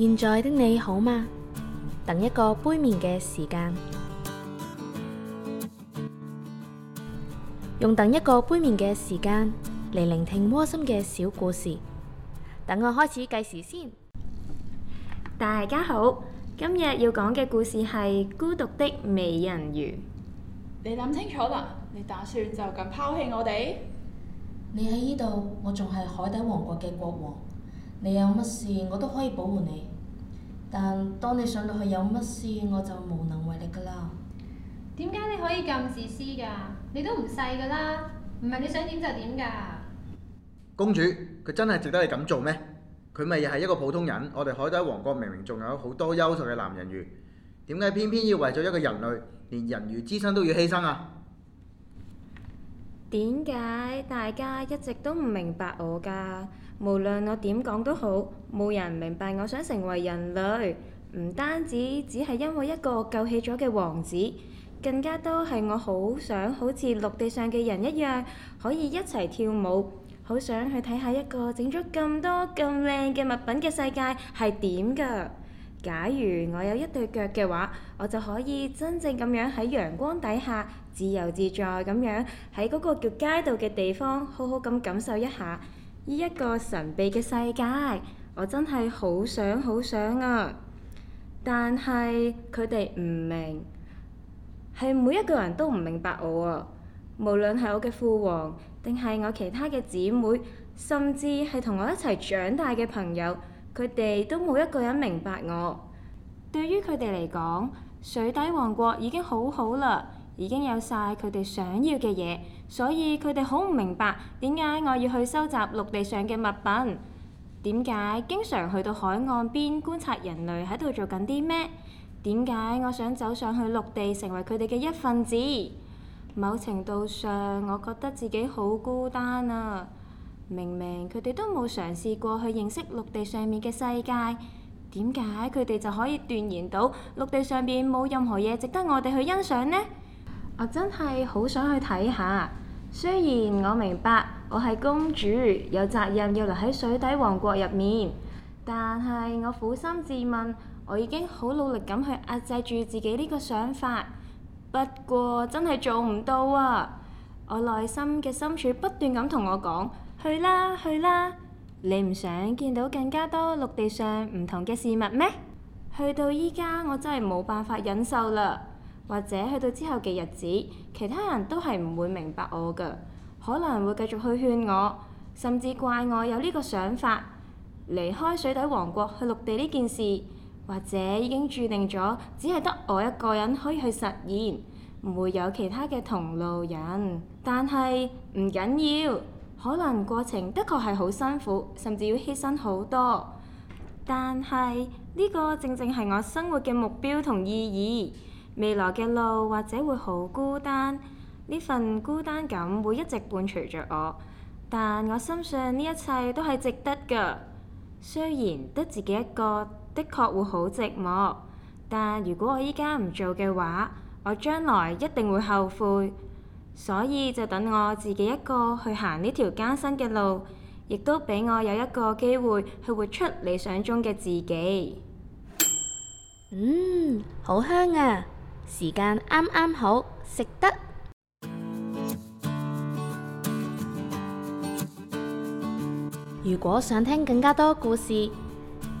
現在的你好嗎？等一個杯麵嘅時間，用等一個杯麵嘅時間嚟聆聽窩心嘅小故事。等我開始計時先。大家好，今日要講嘅故事係《孤獨的美人魚》。你諗清楚啦，你打算就咁拋棄我哋？你喺呢度，我仲係海底王國嘅國王。你有乜事，我都可以保護你。但當你上到去有乜事，我就無能為力㗎喇。點解你可以咁自私㗎？你都唔細㗎喇，唔係你想點就點㗎。公主，佢真係值得你咁做咩？佢咪又係一個普通人？我哋海底王國明明仲有好多優秀嘅男人魚，點解偏偏要為咗一個人類，連人魚之身都要犧牲啊？點解大家一直都唔明白我㗎？無論我點講都好，冇人明白我想成為人類。唔單止只係因為一個救起咗嘅王子，更加多係我好想好似陸地上嘅人一樣，可以一齊跳舞。好想去睇下一個整咗咁多咁靚嘅物品嘅世界係點㗎？假如我有一對腳嘅話，我就可以真正咁樣喺陽光底下自由自在咁樣喺嗰個叫街道嘅地方好好咁感受一下。呢一個神秘嘅世界，我真係好想好想啊！但係佢哋唔明，係每一個人都唔明白我啊！無論係我嘅父皇，定係我其他嘅姊妹，甚至係同我一齊長大嘅朋友，佢哋都冇一個人明白我。對於佢哋嚟講，水底王國已經好好啦。已經有晒佢哋想要嘅嘢，所以佢哋好唔明白點解我要去收集陸地上嘅物品，點解經常去到海岸邊觀察人類喺度做緊啲咩，點解我想走上去陸地成為佢哋嘅一份子。某程度上，我覺得自己好孤單啊！明明佢哋都冇嘗試過去認識陸地上面嘅世界，點解佢哋就可以斷言到陸地上面冇任何嘢值得我哋去欣賞呢？我真係好想去睇下，雖然我明白我係公主，有責任要留喺水底王國入面，但係我苦心自問，我已經好努力咁去壓制住自己呢個想法。不過真係做唔到啊！我內心嘅深處不斷咁同我講：去啦，去啦！你唔想見到更加多陸地上唔同嘅事物咩？去到依家，我真係冇辦法忍受啦。或者去到之後嘅日子，其他人都係唔會明白我㗎，可能會繼續去勸我，甚至怪我有呢個想法離開水底王國去陸地呢件事，或者已經注定咗，只係得我一個人可以去實現，唔會有其他嘅同路人。但係唔緊要，可能過程的確係好辛苦，甚至要犧牲好多，但係呢個正正係我生活嘅目標同意義。未來嘅路或者會好孤單，呢份孤單感會一直伴隨着我。但我深信呢一切都係值得㗎。雖然得自己一個，的確會好寂寞。但如果我依家唔做嘅話，我將來一定會後悔。所以就等我自己一個去行呢條艱辛嘅路，亦都俾我有一個機會去活出理想中嘅自己。嗯，好香啊！時間啱啱好，食得。如果想聽更加多故事，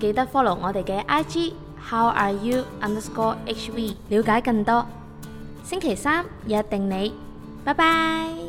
記得 follow 我哋嘅 IG How Are You Underscore HV，了解更多。星期三約定你，拜拜。